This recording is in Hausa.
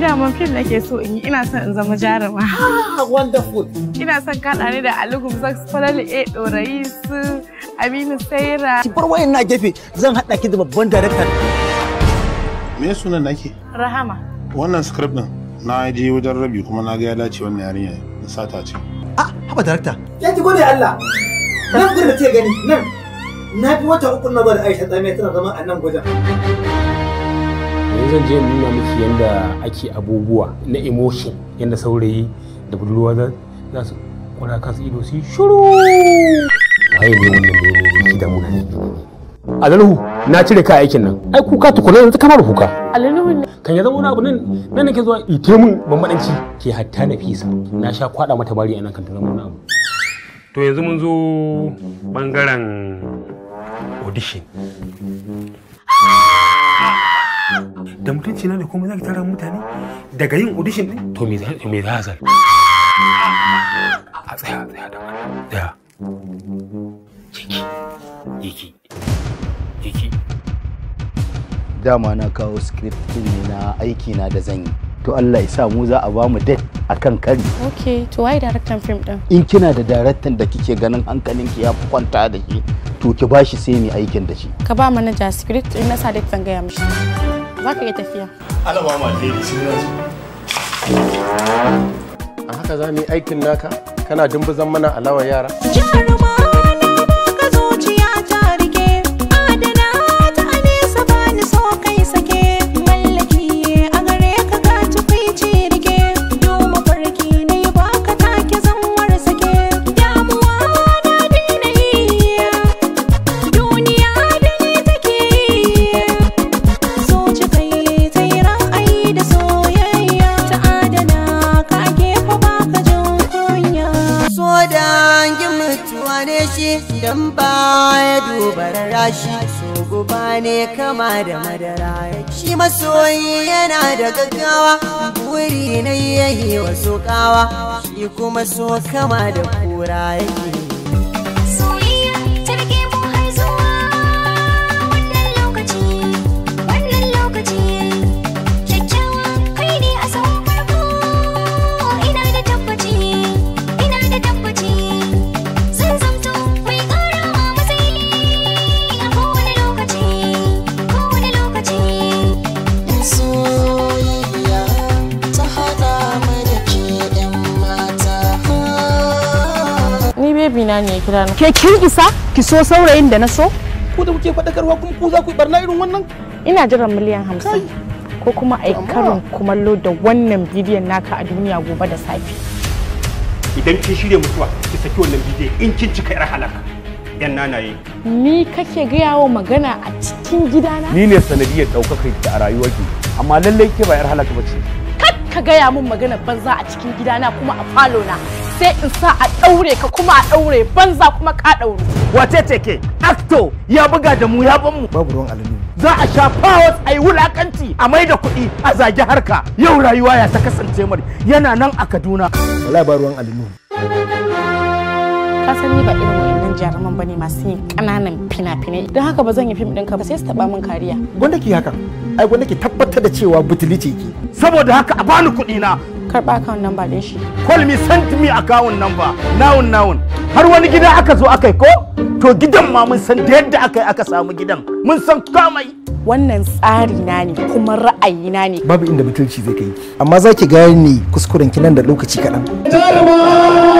ni da man fim nake so in yi ina son in zama jaruma. Ah, wonderful. Ina son kaɗa ne da Alugum Zax Falali A e, Dorayi su Aminu Saira. Ki bar wayan na gefe zan haɗa ki da babban director. Me sunan nake? Rahama. Wannan script din na je wajen rabi kuma na ga ya dace wannan yarinya na sata ce. Ah, haba director. Ya ki gode Allah. Nan gurin da ce gani nan. Na fi wata uku na bar Aisha ta tana zama a nan gwajin. zan je nuna miki yadda ake abubuwa na emotion yadda saurayi da budurwa za su kura kansu ido su shuru waye ne wannan ne ne ne da mu ne alaluhu na cire ka aikin nan ai kuka tukuna yanzu kamar kuka alaluhu ne kan ya zama wani abu nan nan nake zuwa ite mun bambanci ke hatta na fisa na sha kwada mata bari a nan kan ta zama wani abu to yanzu mun zo bangaren audition ah! da mutunci na ne kuma zaki tara mutane daga yin audition din to me me za zai a tsaya tsaya da da jiki jiki jiki dama na kawo script din ne na aiki na da zan yi to Allah ya sa mu za a ba mu date akan kari okay to why director film din in kina da director da kike ganin hankalinki ya kwanta da shi to ki bashi sai mu aikin da shi ka ba manaja script in na sadik zan gaya mishi Za ka iya tafiya. Ala ba ma dai A haka za mu yi aikin naka? Kana dumbuzan mana alawar yara? dan ya duba rashi so guba ne kama da madara shi masoyi yana da gaggawa wuri na yayi wasu kawa shi kuma so kama da kura yake na ne kira ni. Ke kin isa ki so saurayin da na so? ko da kuke faɗakarwa kuma ku za ku barna irin wannan? Ina jiran miliyan hamsin. Ko kuma ai karin kumallo da wannan bidiyon naka a duniya gobe da safe. Idan kin shirya mutuwa ki saki wannan bidiyon in kin cika yar halaka. Yan nanaye. Ni kake ga magana a cikin gidana? Ni ne sanadiyar daukar ki a rayuwarki amma lallai ke ba yar halaka ba ce. ka gaya min magana banza a cikin gidana kuma a falo na sai in sa a ɗaure ka kuma a ɗaure banza kuma ka ɗaure. Wace ce ke? Acto ya buga da mu ya ban mu. Babu ruwan alumi Za a sha powers a yi wulakanci a mai da kuɗi a zagi harka. Yau rayuwa ya ta kasance mari yana nan a Kaduna. Wala ba ruwan alumi Ka sani ba irin jaruman bane masu yin kananan fina-finai don haka ba zan yi fim ɗinka ba sai su taɓa min kariya gwanda ki haka ai gwanda ke tabbatar da cewa butuli ce ki saboda haka a bani kuɗi na karɓa account number ɗin shi call me send me account number nawun nawun har wani gida aka zo aka ko to gidan ma mun san da yadda aka yi aka samu gidan mun san komai wannan tsari na ne kuma ra'ayi na ne babu inda mutunci zai kai amma za ki gane kuskuren ki nan da lokaci kaɗan